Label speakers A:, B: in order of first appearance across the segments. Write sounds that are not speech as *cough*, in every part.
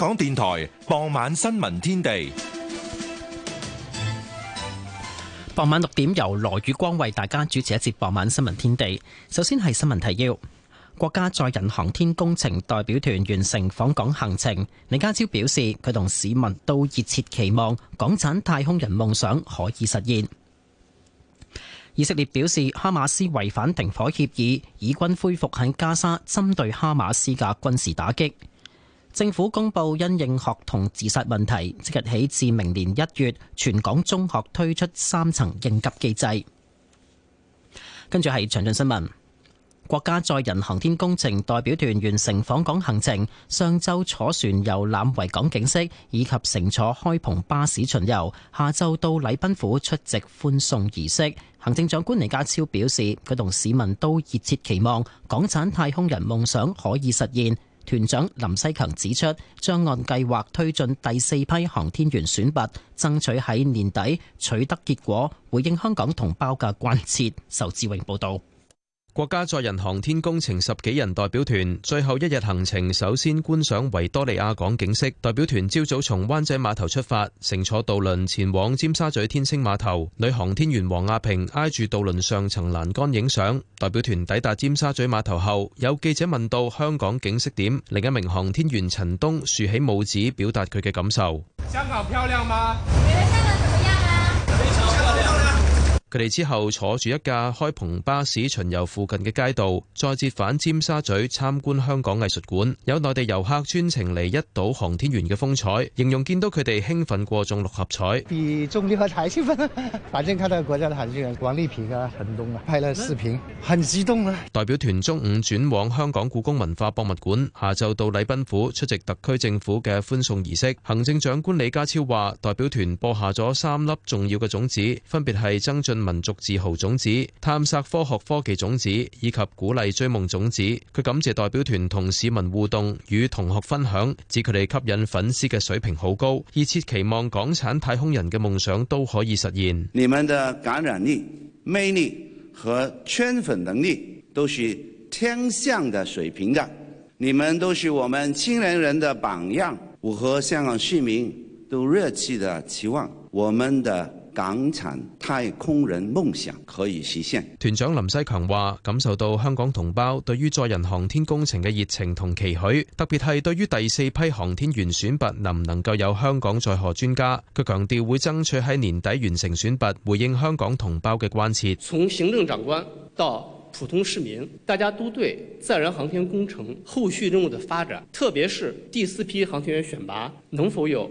A: 香港電台傍晚新
B: 聞天地，傍晚六點由羅宇光為大家主持一節傍晚新聞天地。首先係新聞提要：國家載人航天工程代表團完成訪港行程。李家超表示，佢同市民都熱切期望港產太空人夢想可以實現。以色列表示，哈馬斯違反停火協議，以軍恢復喺加沙針對哈馬斯嘅軍事打擊。政府公布因應學童自殺問題，即日起至明年一月，全港中學推出三層應急機制。跟住係詳盡新聞。國家載人航天工程代表團完成訪港行程，上周坐船遊覽維港景色，以及乘坐開篷巴士巡游。下晝到禮賓府出席歡送儀式。行政長官李家超表示，佢同市民都熱切期望港產太空人夢想可以實現。團長林西強指出，將按計劃推進第四批航天員選拔，爭取喺年底取得結果，回應香港同胞嘅關切。仇志榮報道。國家載人航天工程十幾人代表
C: 團最後一日行程，首先觀賞維多利亞港景色。代表團朝早從灣仔碼頭出發，乘坐渡輪前往尖沙咀天星碼頭。女航天員王亞平挨住渡輪上層欄杆影相。代表團抵達尖沙咀碼頭後，有記者問到香港景色點，另一名航天員陳冬豎起拇指表達佢嘅感受。
D: 香港漂亮嗎？ *laughs*
C: 佢哋之後坐住一架開篷巴士巡遊附近嘅街道，再折返尖沙咀參觀香港藝術館。有內地遊客專程嚟一睹航天員嘅風采，形容見到佢哋興奮過中六合彩。
A: 比中六合彩先， *laughs* 反正看到國家的航天員講呢
E: 片啦，很動啊，拍了視頻，很激動
C: 啊。代表團中午轉往香港故宮文化博物館，下晝到禮賓府出席特區政府嘅歡送儀式。行政長官李家超話，代表團播下咗三粒重要嘅種子，分別係增進民族自豪種子、探索科學科技種子以及鼓勵追夢種子，佢感謝代表團同市民互動，與同學分享，指佢哋吸引粉絲嘅水平好高，熱切期望港產太空人嘅夢想都可以實現。
F: 你們的感染力、魅力和圈粉能力都是天象的水平的，你們都是我們青年人的榜樣。我和香港市民都熱切的期望我們的。港產太空人夢想
C: 可以實現。團長林西強話：感受到香港同胞對於載人航天工程嘅熱情同期許，特別係對於第四批航天員選拔能唔能夠有香港載荷專家。佢強調會爭取喺年底完成選拔，回應香港同胞嘅關切。從行政長官到普通市民，大家都對載人航天工程後續任務嘅發展，特別是第四批航天員選拔能否有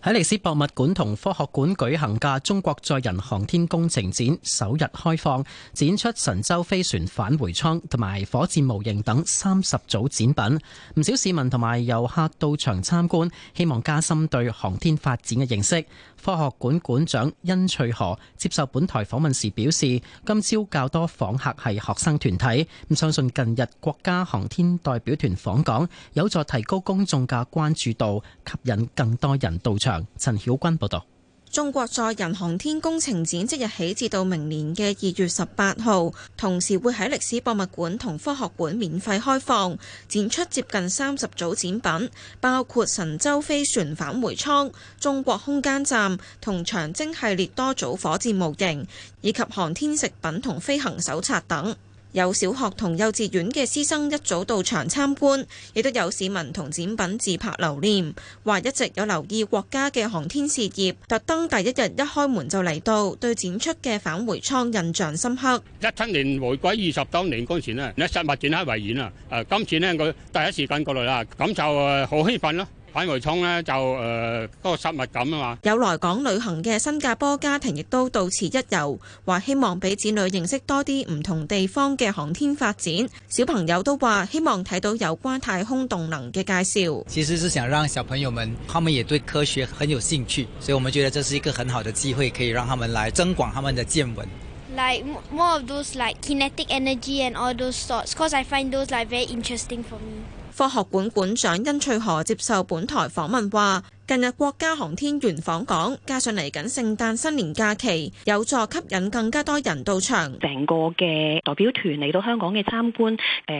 B: 喺歷史博物館同科學館舉行嘅中國載人航天工程展首日開放，展出神舟飛船返回艙同埋火箭模型等三十組展品。唔少市民同埋遊客到場參觀，希望加深對航天發展嘅認識。科學館館長殷翠荷接受本台訪問時表示，今朝較多訪客係學生團體，咁相信近日國家航天代表團訪港，有助提高公眾嘅關注度，吸引更多人到場。陳曉君報道：
G: 中國載人航天工程展即日起至到明年嘅二月十八號，同時會喺歷史博物館同科學館免費開放，展出接近三十組展品，包括神舟飛船返回艙、中國空間站同長征系列多組火箭模型，以及航天食品同飛行手冊等。有小學同幼稚園嘅師生一早到場參觀，亦都有市民同展品自拍留念，話一直有留意國家嘅航天事業，特登第一日一開門就嚟到，對展出嘅返回艙印象深刻。
A: 一七年回歸二十周年嗰陣呢，你實物展喺維園啊，誒，今次呢，佢第一時間過來啦，咁就誒好興奮咯。返外沖呢，就誒多個
G: 失落感啊嘛！有來港旅行嘅新加坡家庭亦都到此一遊，話希望俾子女認識多啲唔同地方嘅航天發展。小朋友都話希望睇到有關太空動能嘅介紹。
B: 其實是想讓小朋友們，他們也對科學很有興趣，所以我們覺得這是一個很好的機會，可以讓他們來增廣他們嘅見聞。
H: Like more of those like kinetic energy and all those sorts, cause I find those like very interesting
I: for me.
G: 科學館館長殷翠荷接受本台訪問話：近日國家航天員訪港，加上嚟緊聖誕新年假期，有助吸引更加多人
I: 到場。成個嘅代表團嚟到香港嘅參觀，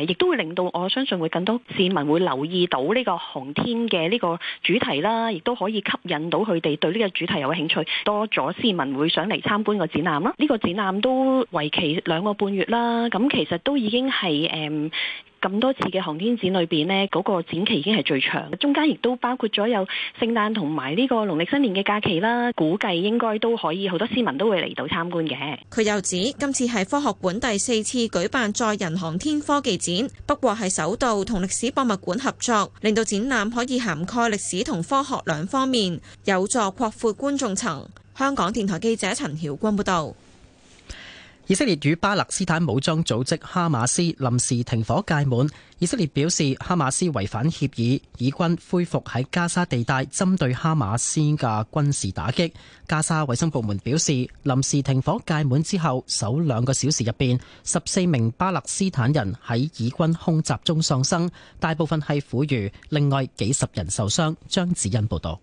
I: 亦都會令到我相信會更多市民會留意到呢個航天嘅呢個主題啦，亦都可以吸引到佢哋對呢個主題有興趣，多咗市民會想嚟參觀個展覽啦。呢個展覽都為期兩個半月啦，咁其實都已經係誒。嗯咁多次嘅航天展裏邊呢，嗰個展期已經係最長，中間亦都包括咗有聖誕同埋呢個農曆新年嘅假期啦，估計應該都可以好多市民都會嚟到參觀嘅。佢又指
G: 今次係科學館第四次舉辦載人航天科技展，不過係首度同歷史博物館合作，令到展覽可以涵蓋歷史同科學兩方面，有助擴闊觀眾層。香港電台記者陳曉君報道。
B: 以色列與巴勒斯坦武裝組織哈馬斯臨時停火屆滿，以色列表示哈馬斯違反協議，以軍恢復喺加沙地帶針對哈馬斯嘅軍事打擊。加沙衛生部門表示，臨時停火屆滿之後首兩個小時入邊，十四名巴勒斯坦人喺以軍空襲中喪生，大部分係婦孺，另外幾十人受傷。張子欣報導。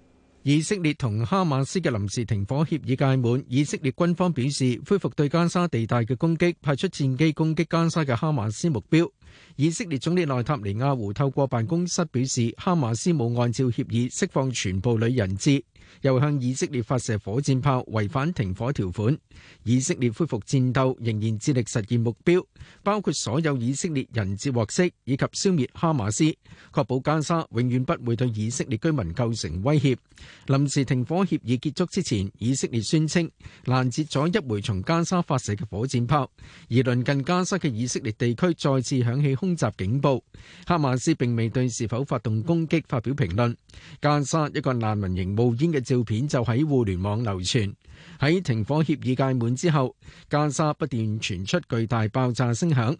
B: 以色列同哈馬斯嘅臨時停火協議屆滿，以色列軍方表示恢復對加沙
E: 地帶嘅攻擊，派出戰機攻擊加沙嘅哈馬斯目標。以色列總理內塔尼亞胡透過辦公室表示，哈馬斯冇按照協議釋放全部女人質。又向以色列發射火箭炮，違反停火條款。以色列恢復戰鬥，仍然致力實現目標，包括所有以色列人質獲釋以及消滅哈馬斯，確保加沙永遠不會對以色列居民構成威脅。臨時停火協議結束之前，以色列宣稱攔截咗一枚從加沙發射嘅火箭炮，而鄰近加沙嘅以色列地區再次響起空襲警報。哈馬斯並未對是否發動攻擊發表評論。加沙一個難民營冒煙嘅照片就喺互聯網流傳。喺停火協議屆滿之後，加沙不斷傳出巨大爆炸聲響。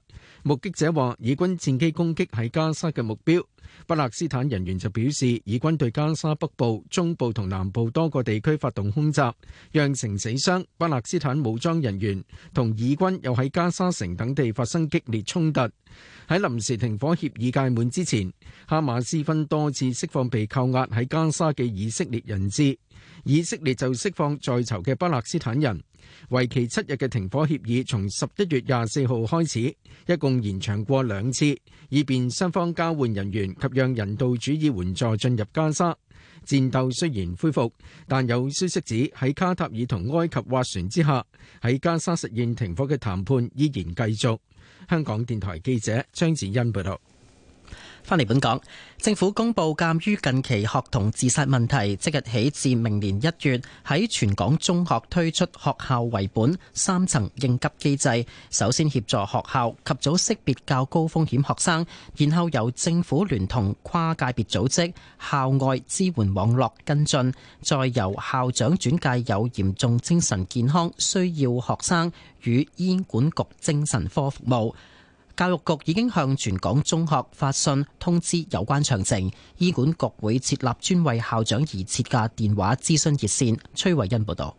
E: 目擊者話，以軍戰機攻擊喺加沙嘅目標。巴勒斯坦人員就表示，以軍對加沙北部、中部同南部多個地區發動空襲，釀成死傷。巴勒斯坦武裝人員同以軍又喺加沙城等地發生激烈衝突。喺臨時停火協議屆滿之前，哈馬斯分多次釋放被扣押喺加沙嘅以色列人質。以色列就釋放在囚嘅巴勒斯坦人，為期七日嘅停火協議從十一月廿四號開始，一共延長過兩次，以便雙方交換人員及讓人道主義援助進入加沙。戰鬥雖然恢復，但有消息指喺卡塔爾同埃及斡旋之下，喺加沙實現停
B: 火嘅談判依然繼續。香港電台記者張子欣報道。翻嚟本港，政府公布，鑒於近期學童自殺問題，即日起至明年一月，喺全港中學推出學校為本三層應急機制。首先協助學校及早識別較高風險學生，然後由政府聯同跨界別組織校外支援網絡跟進，再由校長轉介有嚴重精神健康需要學生與醫管局精神科服務。教育局已經向全港中學發信通知有關詳情，醫管局會設立專為校長而設嘅電話諮詢熱線，崔慧欣報道。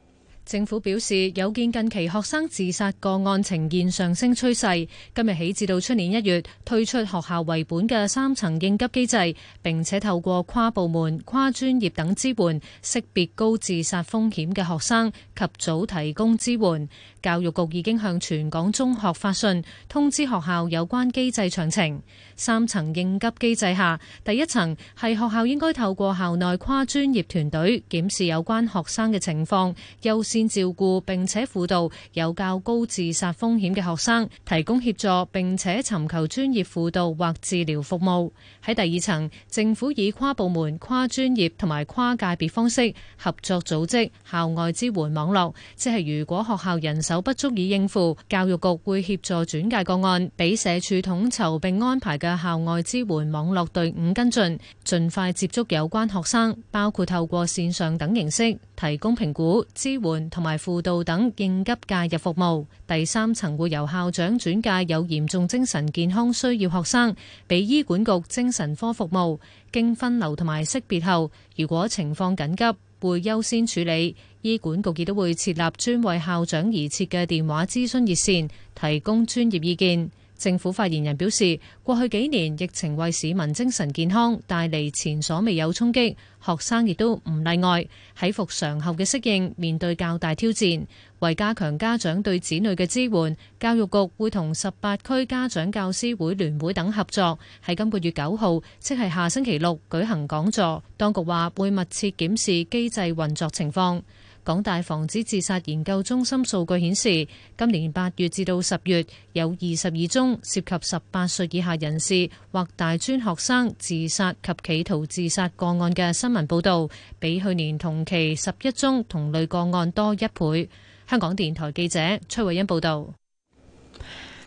J: 政府表示，有見近期學生自殺個案呈現上升趨勢，今日起至到出年一月，推出學校為本嘅三層應急機制，並且透過跨部門、跨專業等支援，識別高自殺風險嘅學生及早提供支援。教育局已經向全港中學發信通知學校有關機制詳情。三層應急機制下，第一層係學校應該透過校內跨專業團隊檢視有關學生嘅情況，優先先照顧並且輔導有較高自殺風險嘅學生，提供協助並且尋求專業輔導或治療服務。喺第二層，政府以跨部門、跨專業同埋跨界別方式合作，組織校外支援網絡。即係如果學校人手不足以應付，教育局會協助轉介個案，俾社署統籌並安排嘅校外支援網絡隊伍跟進，盡快接觸有關學生，包括透過線上等形式。提供評估、支援同埋輔導等應急介入服務，第三層會由校長轉介有嚴重精神健康需要學生俾醫管局精神科服務，經分流同埋識別後，如果情況緊急，會優先處理。醫管局亦都會設立專為校長而設嘅電話諮詢熱線，提供專業意見。政府發言人表示，過去幾年疫情為市民精神健康帶嚟前所未有衝擊，學生亦都唔例外。喺復常後嘅適應，面對較大挑戰，為加強家長對子女嘅支援，教育局會同十八區家長教師會聯會等合作，喺今個月九號，即係下星期六舉行講座。當局話會密切檢視機制運作情況。港大防止自殺研究中心數據顯示，今年八月至到十月有二十二宗涉及十八歲以下人士或大專學生自殺及企圖自殺個案嘅新聞報導，比去年同期十一宗同類個案多一倍。香港電台記者崔慧欣報道。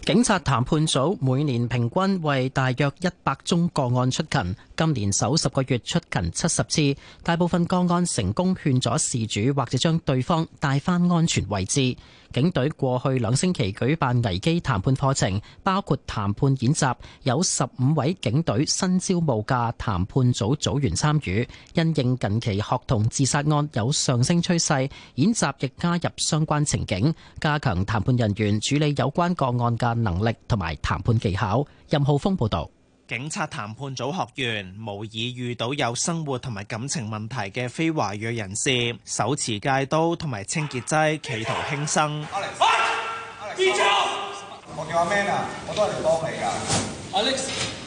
B: 警察談判組每年平均為大約一百宗個案出勤。今年首十個月出勤七十次，大部分個案成功勸阻事主或者將對方帶翻安全位置。警隊過去兩星期舉辦危機談判課程，包括談判演習，有十五位警隊新招募嘅談判組組員參與。因應近期學童自殺案有上升趨勢，演習亦加入相關情景，加強談判人員處理有關個案嘅能力同埋談判技巧。任浩峰報道。
F: 警察談判組學員模擬遇到有生活同埋感情問題嘅非華裔人士，手持戒刀同埋清潔劑，企圖輕生。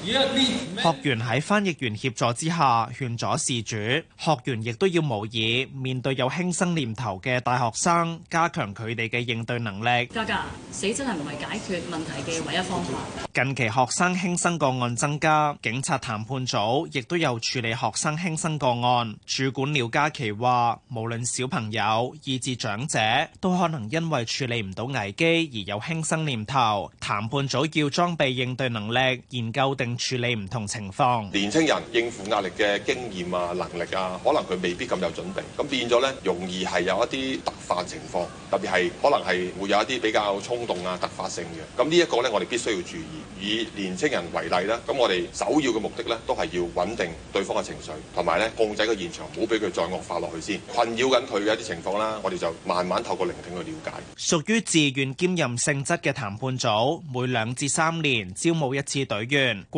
F: 學員喺翻譯員協助之下勸咗事主，學員亦都要模擬面對有輕生念頭嘅大學生，加強佢哋嘅應對能力。加
J: 加，死真係唔係解決問題嘅唯一方法。
F: 近期學生輕生個案增加，警察談判組亦都有處理學生輕生個案。主管廖嘉琪話，無論小朋友、以至長者，都可能因為處理唔到危機而有輕生念頭。談判組要裝備應對能力，研究定。處理唔同情況，年輕
A: 人應付壓力嘅經驗啊、能力啊，可能佢未必咁有準備，咁變咗咧，容易係有一啲突發情況，特別係可能係會有一啲比較衝動
K: 啊、突發性嘅。咁呢一個咧，我哋必須要注意。以年輕人為例啦，咁我哋首要嘅
A: 目的咧，都係要穩定對方嘅情緒，同埋咧控制個現場，唔好俾佢再惡化落去先。困擾緊佢嘅一啲情況啦，我哋就慢慢透過聆聽去了解。
F: 屬於自願兼任性質嘅談判組，每兩至三年招募一次隊員。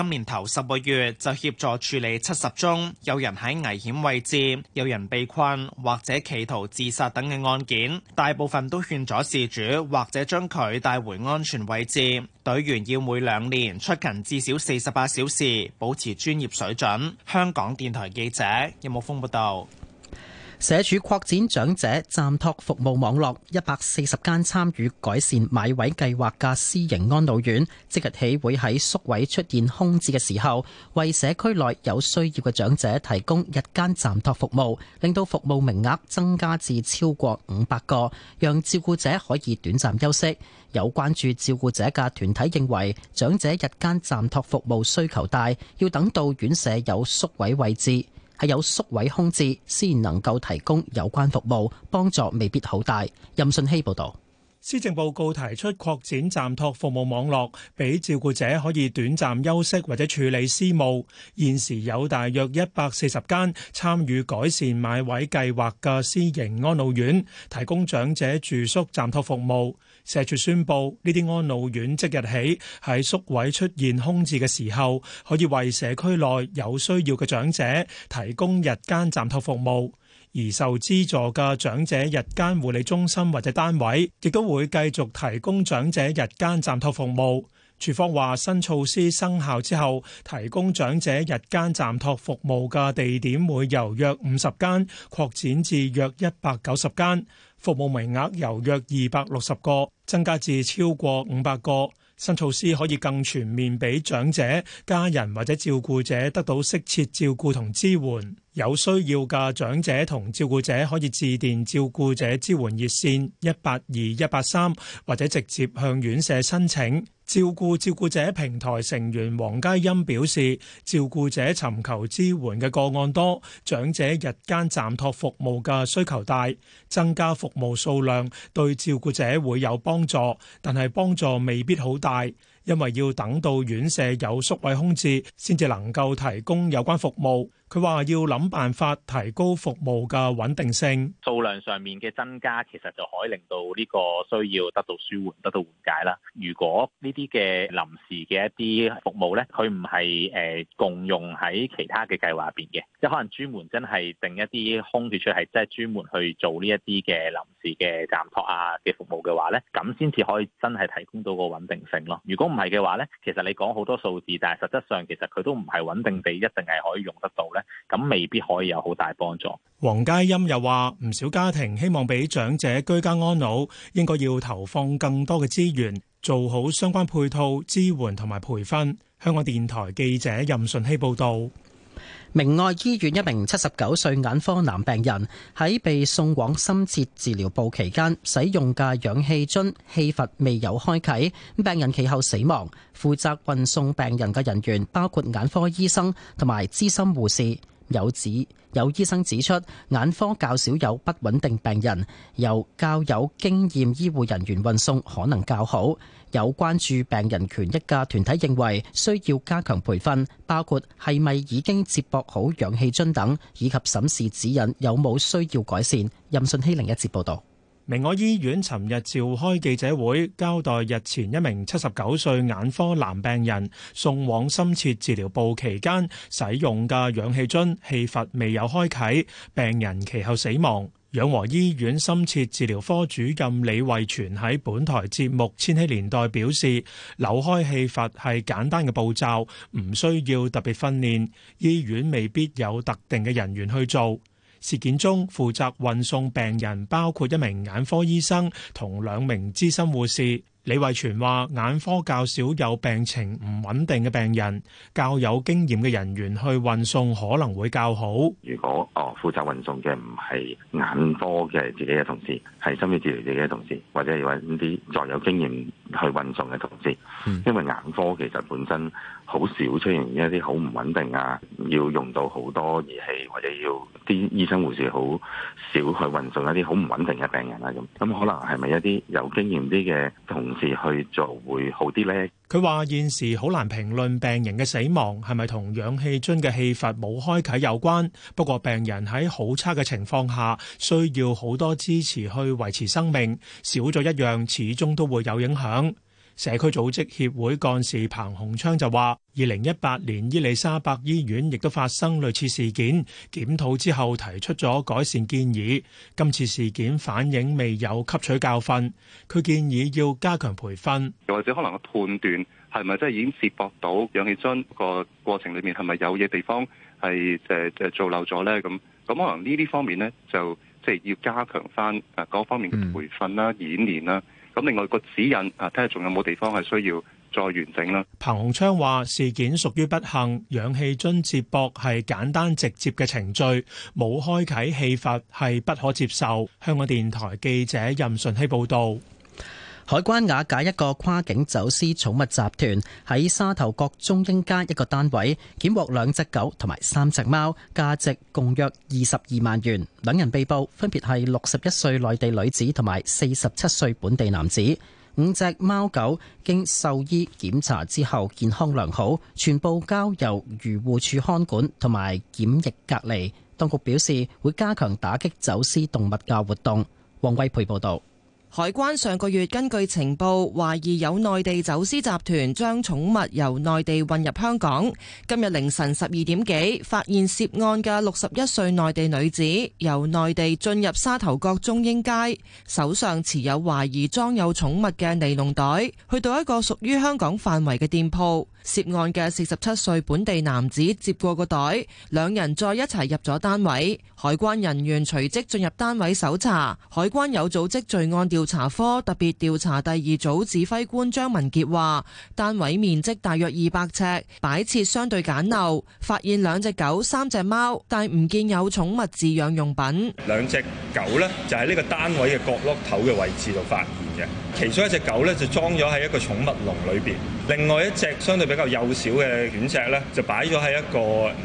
F: 今年頭十個月就協助處理七十宗有人喺危險位置，有人被困或者企圖自殺等嘅案件，大部分都勸咗事主或者將佢帶回安全位置。隊員要每兩年出勤至少四十八小時，保持專業水準。香港電台記者任武峰報道。
B: 社署擴展長者暫托服務網絡，一百四十間參與改善買位計劃嘅私營安老院，即日起會喺宿位出現空置嘅時候，為社區內有需要嘅長者提供日間暫托服務，令到服務名額增加至超過五百個，讓照顧者可以短暫休息。有關注照顧者嘅團體認為，長者日間暫托服務需求大，要等到院舍有宿位位置。係有宿位空置先能夠提供有關服務，幫助未必好大。任信希報導，
A: 施政報告提出擴展暫託服務網絡，俾照顧者可以短暫休息或者處理私務。現時有大約一百四十間參與改善買位計劃嘅私營安老院，提供長者住宿暫託服務。社署宣布，呢啲安老院即日起喺宿位出現空置嘅時候，可以為社區內有需要嘅長者提供日間暫托服務。而受資助嘅長者日間護理中心或者單位，亦都會繼續提供長者日間暫托服務。署方話，新措施生效之後，提供長者日間暫托服務嘅地點會由約五十間擴展至約一百九十間。服務名額由約二百六十個增加至超過五百個，新措施可以更全面俾長者、家人或者照顧者得到適切照顧同支援。有需要嘅長者同照顧者可以致電照顧者支援熱線一八二、一八三，或者直接向院舍申請。照顧照顧者平台成員黃佳欣表示，照顧者尋求支援嘅個案多，長者日間暫托服務嘅需求大，增加服務數量對照顧者會有幫助，但係幫助未必好大，因為要等到院舍有宿位空置，先至能夠提供有關服務。佢話要諗辦法提高服務嘅穩定性，
L: 數量上面嘅增加其實就可以令到呢個需要得到舒緩、得到緩解啦。如果呢啲嘅臨時嘅一啲服務呢，佢唔係誒共用喺其他嘅計劃入邊嘅，即係可能專門真係定一啲空調出嚟，即係專門去做呢一啲嘅臨時嘅暫托啊嘅服務嘅話呢，咁先至可以真係提供到個穩定性咯。如果唔係嘅話呢，其實你講好多數字，但係實質上其實佢都唔係穩定地一定係可以用得到。咁未必可以有好大幫助。
A: 黃佳音又話：唔少家庭希望俾長者居家安老，應該要投放更多嘅資源，做好相關配套支援同埋培訓。香港電台記者任順希報
B: 道。明愛醫院一名七十九歲眼科男病人喺被送往深切治療部期間，使用嘅氧氣樽氣閥未有開啟，病人其後死亡。負責運送病人嘅人員包括眼科醫生同埋資深護士。有指，有醫生指出，眼科較少有不穩定病人，由較有經驗醫護人員運送可能較好。有關注病人權益嘅團體認為，需要加強培訓，包括係咪已經接駁好氧氣樽等，以及審視指引有冇需要改善。任信希另一節報道。
A: 明愛醫院尋日召開記者會，交代日前一名七十九歲眼科男病人送往深切治療部期間，使用嘅氧氣樽氣閥未有開啟，病人其後死亡。養和醫院深切治療科主任李衛全喺本台節目《千禧年代》表示，扭開氣閥係簡單嘅步驟，唔需要特別訓練，醫院未必有特定嘅人員去做。事件中，負責運送病人包括一名眼科醫生同兩名資深護士。李慧全話眼科較少有病情唔穩定嘅病人，較有經驗嘅人員去運送可能會較好。
L: 如果哦負責運送嘅唔係眼科嘅自己嘅同事，係心理治療自己嘅同事，或者揾啲再有經驗去運送嘅同事，嗯、因為眼科其實本身。好少出現一啲好唔穩定啊，要用到好多儀器，或者要啲醫生護士，好少去運送一啲好唔穩定嘅病人呀，咁，咁可能係咪一啲有經驗啲嘅同事去
A: 做會好啲呢？佢話現時好難評論病人嘅死亡係咪同氧氣樽嘅氣閥冇開啟有關，不過病人喺好差嘅情況下需要好多支持去維持生命，少咗一樣始終都會有影響。社區組織協會幹事彭洪昌就話，二零一八年伊利沙伯醫院亦都發生類似事件，檢討之後提出咗改善建議。今次事件反映未有吸取教訓，佢建議要加強培訓，
L: 又或者可能個判斷係咪真係已經接駁到氧氣樽個過程裏面係咪有嘢地方係誒誒做漏咗咧？咁咁可能呢啲方面呢，就即係要加強返誒各方面嘅培訓啦、演練啦。嗯。咁另外個指引啊，睇下仲有冇地方係需要再完整啦。
A: 彭鴻昌話：事件屬於不幸，氧氣樽接駁係簡單直接嘅程序，冇開啓氣閥係不可接
B: 受。香港電台記者任順希報道。海關瓦解一個跨境走私寵物集團，喺沙頭角中英街一個單位，檢獲兩隻狗同埋三隻貓，價值共約二十二萬元。兩人被捕，分別係六十一歲內地女子同埋四十七歲本地男子。五隻貓狗經獸醫檢查之後健康良好，全部交由漁護署看管同埋檢疫隔離。當局表示會加強打擊走私動物嘅活動。王惠培報道。
H: 海關上個月根據情報懷疑有內地走私集團將寵物由內地運入香港。今日凌晨十二點幾，發現涉案嘅六十一歲內地女子由內地進入沙頭角中英街，手上持有懷疑裝有寵物嘅尼龍袋，去到一個屬於香港範圍嘅店鋪。涉案嘅四十七歲本地男子接過個袋，兩人再一齊入咗單位。海關人員隨即進入單位搜查。海關有組織罪案調查科特別調查第二組指揮官張文杰話：單位面積大約二百尺，擺設相對簡陋，發現兩隻狗、三隻貓，但唔見有寵物飼養用品。
A: 兩隻狗咧，就喺呢個單位嘅角落頭嘅位置度發現。其中一隻狗咧就裝咗喺一個寵物籠裏邊，另外一隻相對比較幼小嘅犬隻咧就擺咗喺一個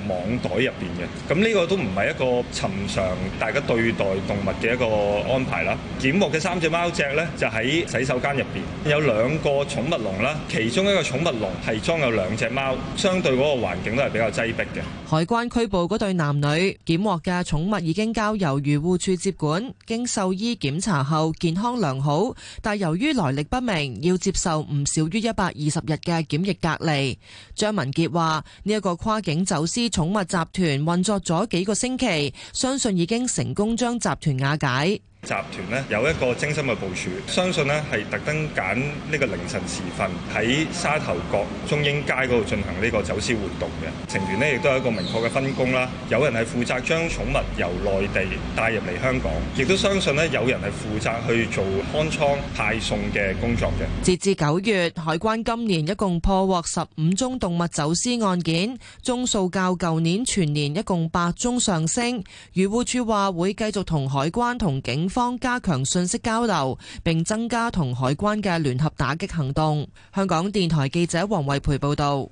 A: 網袋入邊嘅。咁呢個都唔係一個尋常大家對待動物嘅一個安排啦。檢獲嘅三隻貓隻咧就喺洗手間入邊，有兩個寵物籠啦，其中一個寵物籠係裝有兩隻貓，相對嗰個環境都係比較擠迫
C: 嘅。
H: 海關拘捕嗰對男女，檢獲嘅寵物已經交由漁護署接管，經獸醫檢查後健康良好。但由於來歷不明，要接受唔少於一百二十日嘅檢疫隔離。張文傑話：呢一個跨境走私寵物集團運作咗幾個星期，相信已經成功將集團瓦解。
A: 集團咧有一個精心嘅部署，相信咧係特登揀呢個凌晨時分喺沙頭角中英街嗰度進行呢個走私活動嘅成員呢，亦都有一個明確嘅分工啦。有人係負責將寵物由內地帶入嚟香港，亦都相信咧有人係負責去做看倉派送嘅工作嘅。
H: 截至九月，海關今年一共破獲十五宗動物走私案件，宗數較舊年全年一共八宗上升。漁護署話會繼續同海關同警方加強信息交流，並增加同海關嘅聯合打擊行
B: 動。香港電台記者黃惠培報道。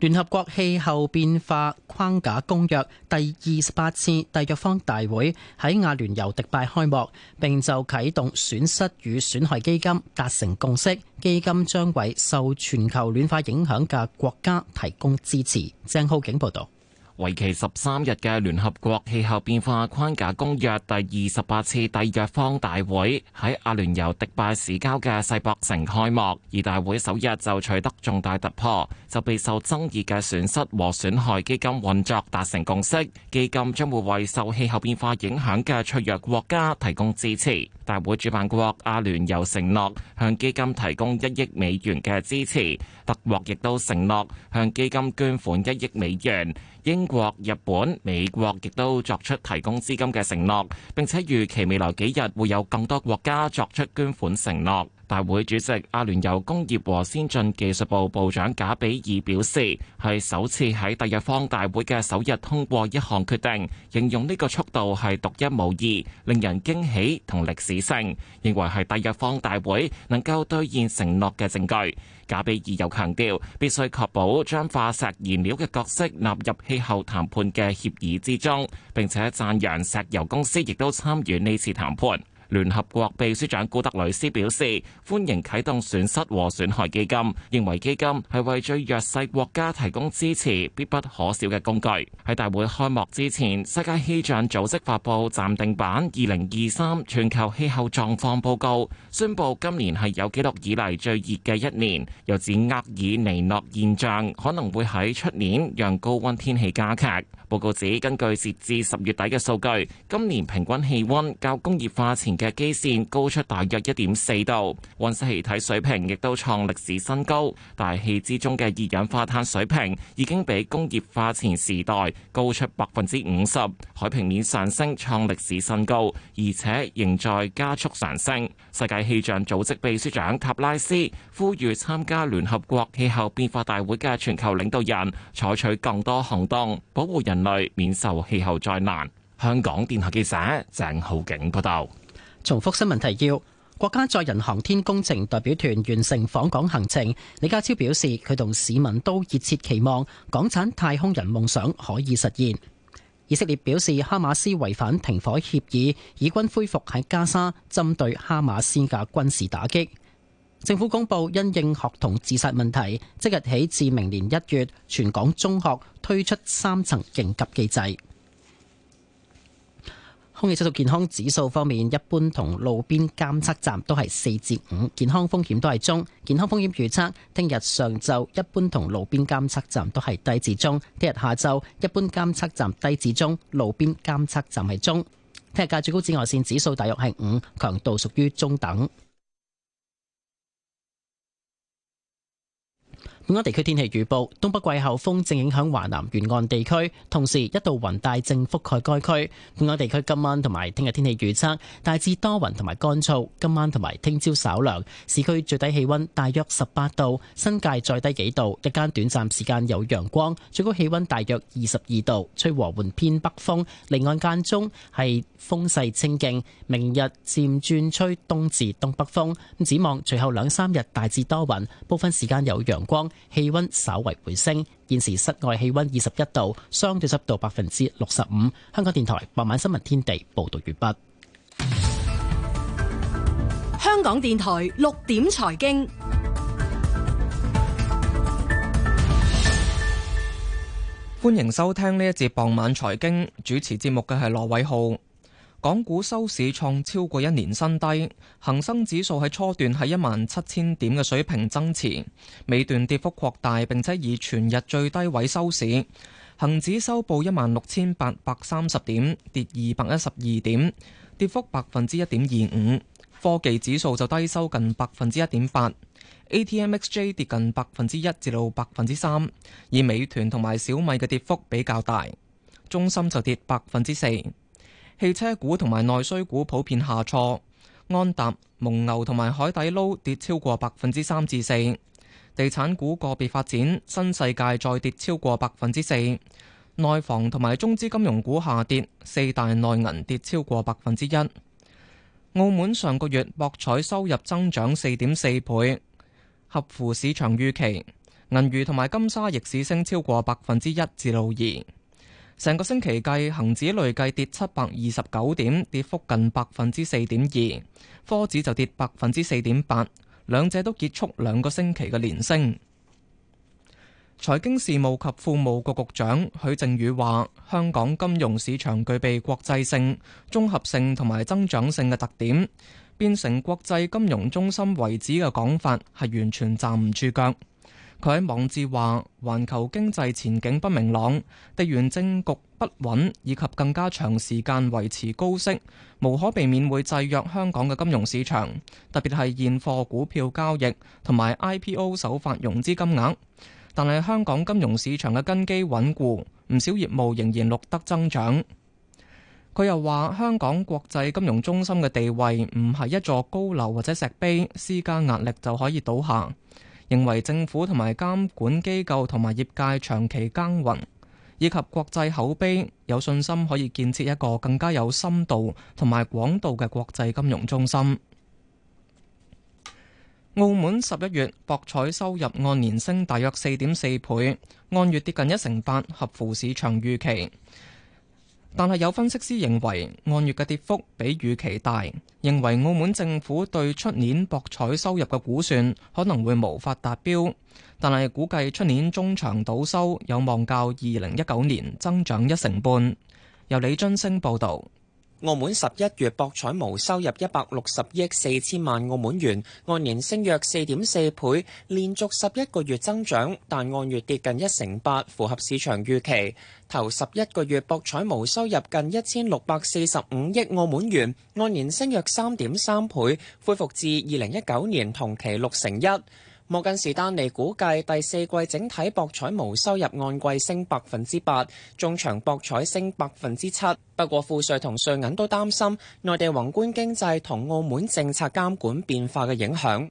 B: 聯合國氣候變化框架公約第二十八次締約方大會喺阿聯酋迪拜開幕，並就啟動損失與損害基金達成共識，基金將為受全球暖化影響嘅國家提供支持。鄭浩景報道。
L: 為期十三日嘅聯合國氣候變化框架公約第二十八次締約方大會喺阿聯酋迪拜市郊嘅世博城開幕，而大會首日就取得重大突破，就備受爭議嘅損失和損害基金運作達成共識，基金將會為受氣候變化影響嘅脆弱國家提供支持。大會主辦國阿聯酋承諾向基金提供一億美元嘅支持。德國亦都承諾向基金捐款一億美元，英國、日本、美國亦都作出提供資金嘅承諾，並且預期未來幾日會有更多國家作出捐款承諾。大會主席阿聯酋工業和先進技術部部長賈比爾表示，係首次喺締約方大會嘅首日通過一項決定，形容呢個速度係獨一無二，令人驚喜同歷史性，認為係締約方大會能夠兌現承諾嘅證據。賈比爾又強調，必須確保將化石燃料嘅角色納入氣候談判嘅協議之中，並且讚揚石油公司亦都參與呢次談判。聯合國秘書長古特雷斯表示，歡迎啟動損失和損害基金，認為基金係為最弱勢國家提供支持必不可少嘅工具。喺大會開幕之前，世界氣象組織發布暫定版二零二三全球氣候狀況報告，宣布今年係有記錄以嚟最熱嘅一年，又指厄爾尼諾現象可能會喺出年讓高溫天氣加劇。報告指，根據截至十月底嘅數據，今年平均氣溫較工業化前嘅基綫高出大約一點四度，溫室氣體水平亦都創歷史新高。大氣之中嘅二氧化碳水平已經比工業化前時代高出百分之五十，海平面上升創歷史新高，而且仍在加速上升。世界氣象組織秘書長塔拉斯呼籲參加聯合國氣候變化大會嘅全球領導人採取更多行動保護人人類免受氣候災難。香港電台記者鄭浩景報
B: 道。重複新聞提要：國家載人航天工程代表團完成訪港行程。李家超表示，佢同市民都熱切期望港產太空人夢想可以實現。以色列表示哈馬斯違反停火協議，以軍恢復喺加沙針對哈馬斯嘅軍事打擊。政府公布因應學童自殺問題，即日起至明年一月，全港中學推出三層應急機制。空氣質素健康指數方面，一般同路邊監測站都係四至五，健康風險都係中。健康風險預測：聽日上晝一般同路邊監測站都係低至中；聽日下晝一般監測站低至中，路邊監測站係中。聽日嘅最高紫外線指數大約係五，強度屬於中等。本港地區天氣預報：東北季候風正影響華南沿岸地區，同時一道雲帶正覆蓋該區。本港地區今晚同埋聽日天氣預測，大致多雲同埋乾燥。今晚同埋聽朝稍涼，市區最低氣溫大約十八度，新界再低幾度。一間短暫時間有陽光，最高氣溫大約二十二度，吹和緩偏北風。離岸間中係風勢清勁。明日漸轉吹東至東北風。咁展望隨後兩三日大致多雲，部分時間有陽光。氣温稍為回升，現時室外氣温二十一度，相對濕度百分之六十五。香港電台傍晚新聞天地報道完畢。
I: 香港電台六點財經，
K: 歡迎收聽呢一節傍晚財經主持節目嘅係羅偉浩。港股收市創超過一年新低，恒生指數喺初段喺一萬七千點嘅水平增持，尾段跌幅擴大，並且以全日最低位收市。恒指收報一萬六千八百三十點，跌二百一十二點，跌幅百分之一點二五。科技指數就低收近百分之一點八，ATMXJ 跌近百分之一至到百分之三，而美團同埋小米嘅跌幅比較大，中芯就跌百分之四。汽車股同埋內需股普遍下挫，安踏、蒙牛同埋海底撈跌超過百分之三至四。地產股個別發展，新世界再跌超過百分之四。內房同埋中資金融股下跌，四大內銀跌超過百分之一。澳門上個月博彩收入增長四點四倍，合乎市場預期。銀娛同埋金沙逆市升超過百分之一至六二。1. 成個星期計，恒指累計跌七百二十九點，跌幅近百分之四點二；科指就跌百分之四點八，兩者都結束兩個星期嘅連升。財經事務及庫務局局長許正宇話：香港金融市場具備國際性、綜合性同埋增長性嘅特點，變成國際金融中心遺址嘅講法係完全站唔住腳。佢喺網誌話：環球經濟前景不明朗、地緣政局不穩，以及更加長時間維持高息，無可避免會制約香港嘅金融市場，特別係現貨股票交易同埋 IPO 首發融資金額。但係香港金融市場嘅根基穩固，唔少業務仍然錄得增長。佢又話：香港國際金融中心嘅地位唔係一座高樓或者石碑，施加壓力就可以倒下。認為政府同埋監管機構同埋業界長期耕耘，以及國際口碑，有信心可以建設一個更加有深度同埋廣度嘅國際金融中心。澳門十一月博彩收入按年升大約四點四倍，按月跌近一成八，合乎市場預期。但係有分析師認為，按月嘅跌幅比預期大，認為澳門政府對出年博彩收入嘅估算可能會無法達標。但係估計出年中場賭收有望較二零一九年增長一成半。由李津星報導。
D: 澳門十一月博彩無收入一百六十億四千萬澳門元，按年升約四點四倍，連續十一個月增長，但按月跌近一成八，符合市場預期。頭十一個月博彩無收入近一千六百四十五億澳門元，按年升約三點三倍，恢復至二零一九年同期六成一。摩根士丹利估計第四季整體博彩毛收入按季升百分之八，中場博彩升百分之七。不過，富瑞同瑞銀都擔心內地宏觀經濟同澳門政策監管變化嘅影響。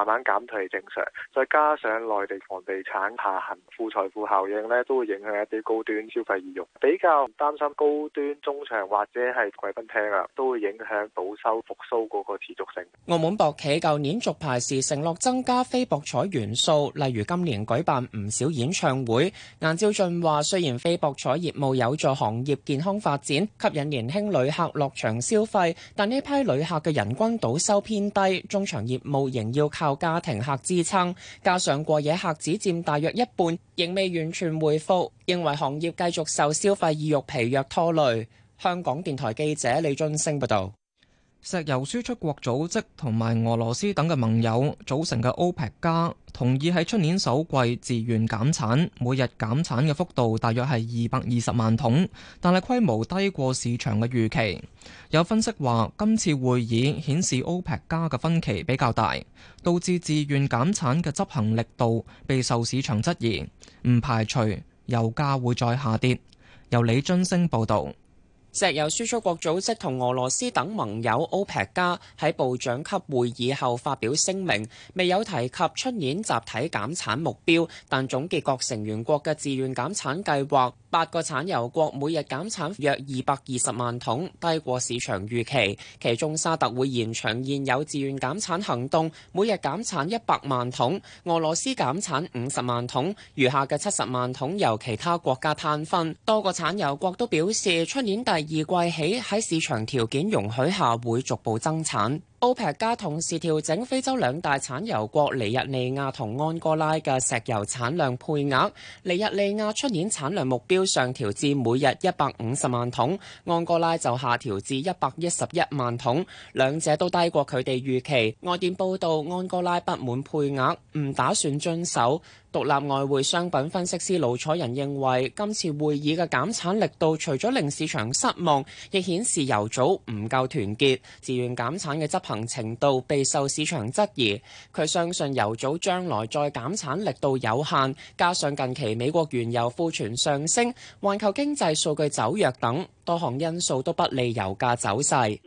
A: 慢慢減退正常，再加上內地房地產下行、負財富效應咧，都會影響一啲高端消費意欲。比較擔心高端中場或者係貴賓廳啊，都會影響賭收復蘇嗰個
D: 持續性。澳門博企舊年續牌時承諾增加非博彩元素，例如今年舉辦唔少演唱會。顏昭俊話：雖然非博彩業務有助行業健康發展，吸引年輕旅客落場消費，但呢批旅客嘅人均賭收偏低，中場業務仍要靠。有家庭客支撐，加上過夜客只佔大約一半，仍未完全回復，認為行業繼續受消費意欲疲弱拖累。香港電台記者李俊升報道。
K: 石油輸出國組織同埋俄羅斯等嘅盟友組成嘅 OPEC 加同意喺出年首季自願減產，每日減產嘅幅度大約係二百二十萬桶，但係規模低過市場嘅預期。有分析話，今次會議顯示 OPEC 加嘅分歧比較大，導致自願減產嘅執行力度備受市場質疑，唔排除油價會再下跌。由李津升報導。
D: 石油輸出國組織同俄羅斯等盟友 OPEC 加喺部長級會議後發表聲明，未有提及出年集體減產目標，但總結各成員國嘅自願減產計劃。八個產油國每日減產約二百二十萬桶，低過市場預期。其中沙特會延長現有自願減產行動，每日減產一百萬桶；俄羅斯減產五十萬桶，餘下嘅七十萬桶由其他國家攤分。多個產油國都表示出年第第二季起喺市場條件容許下，會逐步增產。歐佩克同時調整非洲兩大產油國尼日利亞同安哥拉嘅石油產量配額。尼日利亞出年產量目標上調至每日一百五十萬桶，安哥拉就下調至一百一十一萬桶，兩者都低過佢哋預期。外電報道，安哥拉不滿配額，唔打算遵守。獨立外匯商品分析師盧楚仁認為，今次會議嘅減產力度，除咗令市場失望，亦顯示油組唔夠團結，自願減產嘅執程度備受市場質疑，佢相信油組將來再減產力度有限，加上近期美國原油庫存上升、環球經濟數據走弱等多項因素都不利油價走勢。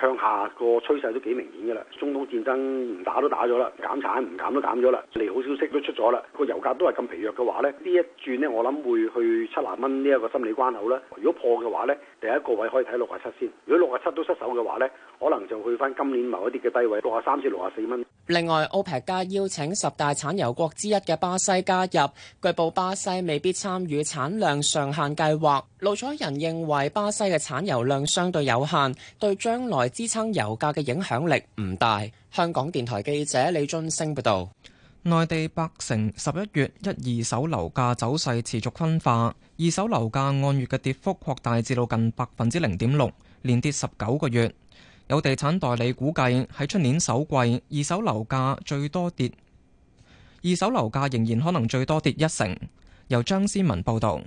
E: 向下
A: 個趨勢都幾明顯㗎啦，中東戰爭唔打都打咗啦，減產唔減都減咗啦，利好消息都出咗啦，個油價都係咁疲弱嘅話呢，呢一轉呢，我諗會去七十蚊呢一個心理關口啦。如果破嘅話呢，第一個位可以睇六十七先。如果六十七都失守嘅話呢，可能就去翻今年某一啲嘅低位，六十三至六十四蚊。
D: 另外，歐佩克邀請十大產油國之一嘅巴西加入，據報巴西未必參與產量上限計劃。路彩人認為巴西嘅產油量相對有限，對將來支撐油價嘅影響力唔大。香港電台記者李俊升報道。
K: 內地百城十一月一二手樓價走勢持續分化，二手樓價按月嘅跌幅擴大至到近百分之零點六，連跌十九個月。有地產代理估計喺出年首季二手樓價最多跌，二手樓價仍然可能最多跌一成。由張思文報道。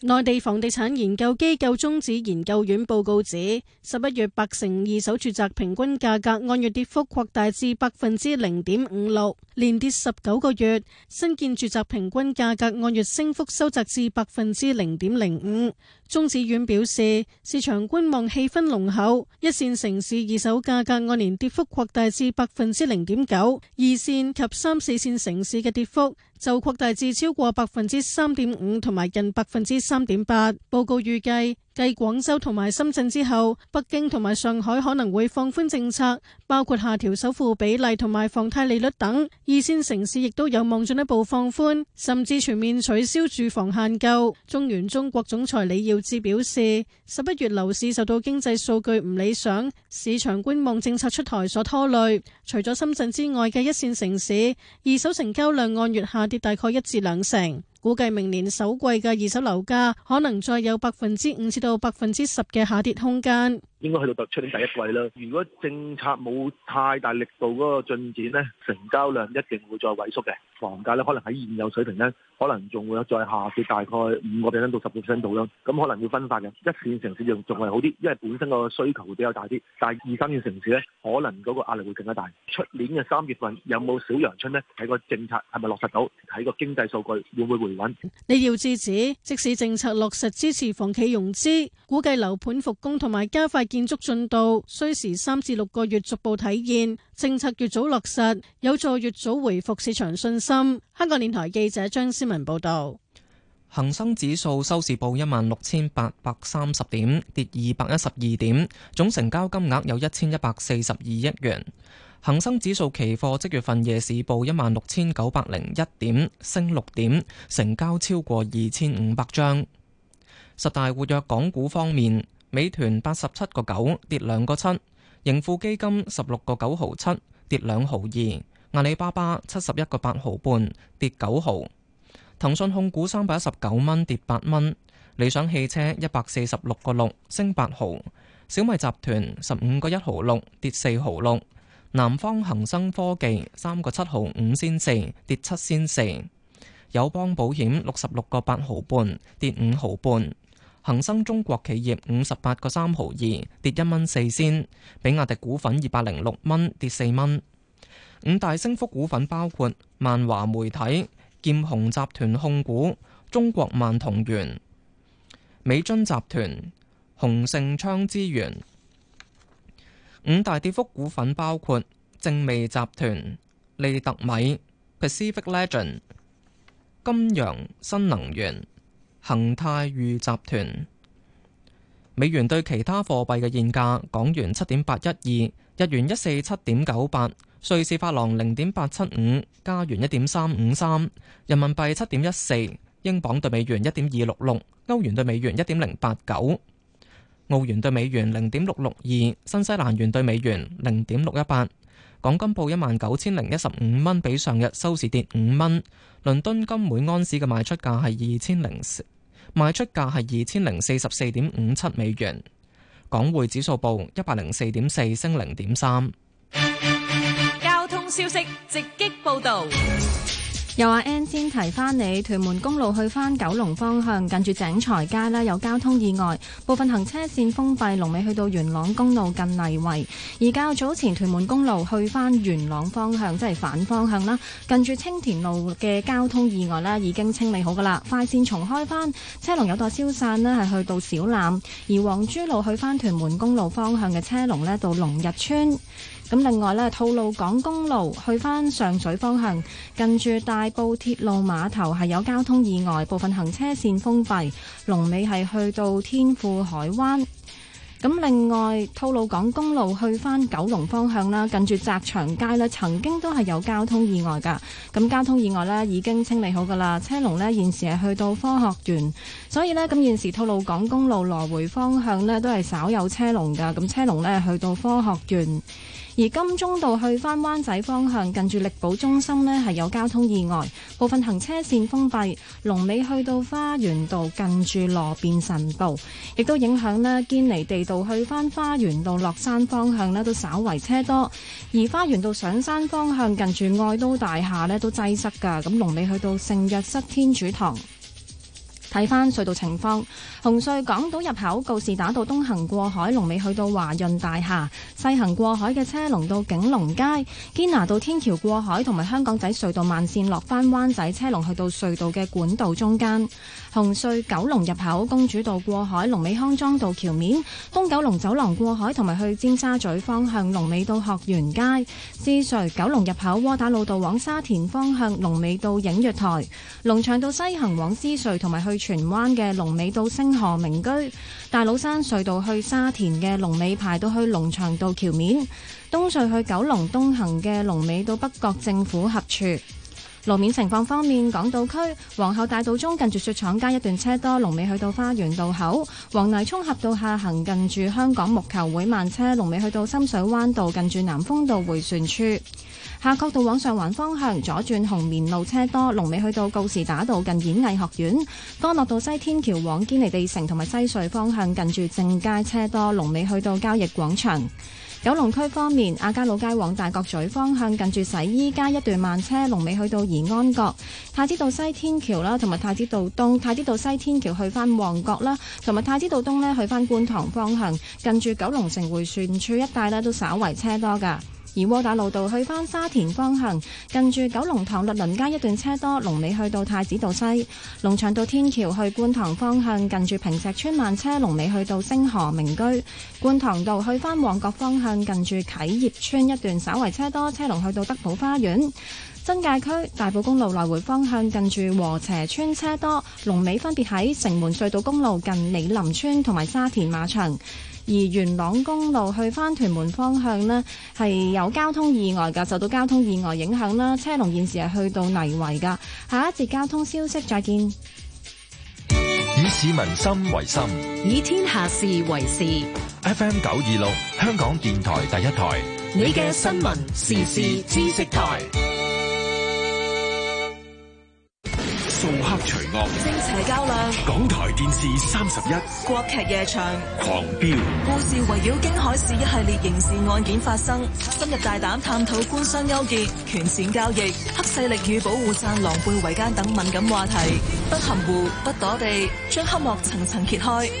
M: 內地房地產研究機構中指研究院報告指，十一月百城二手住宅平均價格按月跌幅擴大至百分之零點五六，連跌十九個月；新建住宅平均價格按月升幅收窄至百分之零點零五。中指院表示，市場觀望氣氛濃厚，一線城市二手價格按年跌幅擴大至百分之零點九，二線及三四線城市嘅跌幅就擴大至超過百分之三點五，同埋近百分之三點八。報告預計，繼廣州同埋深圳之後，北京同埋上海可能會放寬政策，包括下調首付比例同埋房貸利率等。二線城市亦都有望進一步放寬，甚至全面取消住房限購。中原中國總裁李耀智表示，十一月樓市受到經濟數據唔理想、市場觀望政策出台所拖累。除咗深圳之外嘅一線城市，二手成交量按月下跌大概一至兩成。估計明年首季嘅二手樓價可能再有百分之五至到百分之十嘅下跌空間。
A: 應該去到突出年第一季啦。如果政策冇太大力度嗰個進展呢，成交量一定會再萎縮嘅。房價呢，可能喺現有水平呢，可能仲會有再下跌大概五個 percent 到十個 percent 度咯。咁可能要分化嘅。一線城市仲仲係好啲，因為本身個需求比較大啲。但係二三線城市呢，可能嗰個壓力會更加大。出年嘅三月份有冇小陽春呢？喺個政策係咪落實到，喺個經濟數據會唔會回穩？
M: 李耀智指，即使政策落實支持房企融資，估計樓盤復工同埋加快。建築進度需時三至六個月逐步體現，政策越早落實，有助越早回復市場信心。香港電台記者張思文報道。
K: 恒生指數收市報一萬六千八百三十點，跌二百一十二點，總成交金額有一千一百四十二億元。恒生指數期貨即月份夜市報一萬六千九百零一點，升六點，成交超過二千五百張。十大活躍港股方面，美團八十七個九跌兩個七，盈富基金十六個九毫七跌兩毫二，阿里巴巴七十一個八毫半跌九毫，騰訊控股三百一十九蚊跌八蚊，理想汽車一百四十六個六升八毫，小米集團十五個一毫六跌四毫六，南方恒生科技三個七毫五先四跌七先四，友邦保險六十六個八毫半跌五毫半。恆生中國企業五十八個三毫二，跌一蚊四仙。比亞迪股份二百零六蚊，跌四蚊。五大升幅股份包括萬華媒體、劍虹集團控股、中國萬同源、美津集團、宏盛昌資源。五大跌幅股份包括正味集團、利特米、Pacific Legend、金陽新能源。恒泰裕集團。美元對其他貨幣嘅現價：港元七點八一二，日元一四七點九八，瑞士法郎零點八七五，加元一點三五三，人民幣七點一四，英鎊兌美元一點二六六，歐元兌美元一點零八九，澳元兌美元零點六六二，新西蘭元兌美元零點六一八。港金報一萬九千零一十五蚊，比上日收市跌五蚊。倫敦金每安士嘅賣出價係二千零。賣出價係二千零四十四點五七美元，港匯指數報一百零四點四，升零點
H: 三。
J: 交通消息直擊報道。
I: 又話 N 先提翻你屯門公路去翻九龍方向，近住井財街啦，有交通意外，部分行車線封閉，龍尾去到元朗公路近泥圍。而較早前屯門公路去翻元朗方向，即係反方向啦，近住青田路嘅交通意外咧已經清理好噶啦，快線重開翻，車龍有待消散咧，係去到小欖。而黃珠路去翻屯門公路方向嘅車龍呢，到龍日村。咁另外咧，吐露港公路去翻上水方向，近住大埔鐵路碼頭係有交通意外，部分行車線封閉。龍尾係去到天賦海灣。咁另外，吐露港公路去翻九龍方向啦，近住澤祥街咧，曾經都係有交通意外噶。咁交通意外咧已經清理好噶啦，車龍呢現時係去到科學園。所以呢，咁現時吐露港公路來回方向呢都係稍有車龍噶。咁車龍呢去到科學園。而金鐘道去翻灣仔方向，近住力寶中心呢係有交通意外，部分行車線封閉。龍尾去到花園道，近住羅便臣道，亦都影響呢堅尼地道去翻花園道落山方向呢都稍為車多。而花園道上山方向，近住愛都大廈呢都擠塞噶。咁龍尾去到聖若瑟天主堂。睇翻隧道情況，紅隧港島入口告士打道東行過海龍尾去到華潤大廈，西行過海嘅車龍到景隆街，堅拿道天橋過海同埋香港仔隧道慢線落翻灣仔車龍去到隧道嘅管道中間。紅隧九龍入口公主道過海龍尾康莊道橋面，東九龍走廊過海同埋去尖沙咀方向龍尾到學園街。獅隧九龍入口窩打老道往沙田方向龍尾到影月台，龍翔道西行往獅隧同埋去荃灣嘅龍尾到星河名居、大老山隧道去沙田嘅龍尾排到去龍翔道橋面，東隧去九龍東行嘅龍尾到北角政府合署。路面情況方面，港島區皇后大道中近住雪廠街一段車多，龍尾去到花園道口，黃泥涌峽道下行近住香港木球會慢車，龍尾去到深水灣道近住南風道迴旋處。下角道往上環方向左轉紅棉路車多，龍尾去到告士打道近演藝學院。干諾道西天橋往堅尼地城同埋西隧方向近住正街車多，龍尾去到交易廣場。九龍區方面，亞皆老街往大角咀方向近住洗衣街一段慢車，龍尾去到怡安角太子道西天橋啦，同埋太子道東、太子道西天橋去翻旺角啦，同埋太子道東呢，去翻觀塘方向，近住九龍城迴旋處一帶咧都稍為車多噶。而窩打老道去返沙田方向，近住九龍塘律倫街一段車多，龍尾去到太子道西；龍翔道天橋去觀塘方向，近住坪石村慢車，龍尾去到星河名居；觀塘道去翻旺角方向，近住啟業村一段稍為車多，車龍去到德寶花園；新界區大埔公路來回方向，近住禾輋村車多，龍尾分別喺城門隧道公路近美林村同埋沙田馬場。而元朗公路去返屯門方向呢，係有交通意外噶，受到交通意外影響啦，車龍現時係去到泥圍噶。下一節交通消息再見。
A: 以市民心為心，
J: 以天下事為事。
A: FM 九二六，香港電台第一台，
J: 你嘅新聞時事知識台。掃黑除惡，正邪較量。
A: 港台電視三十一，
G: 國劇夜場，
A: 狂飆飆。
G: 故事圍繞京海市一系列刑事案件發生，深入大膽探討官商勾結、權錢交易、黑勢力與保護傘狼
J: 狽為奸等敏感話題，不含糊、不躲避將黑幕層層揭開。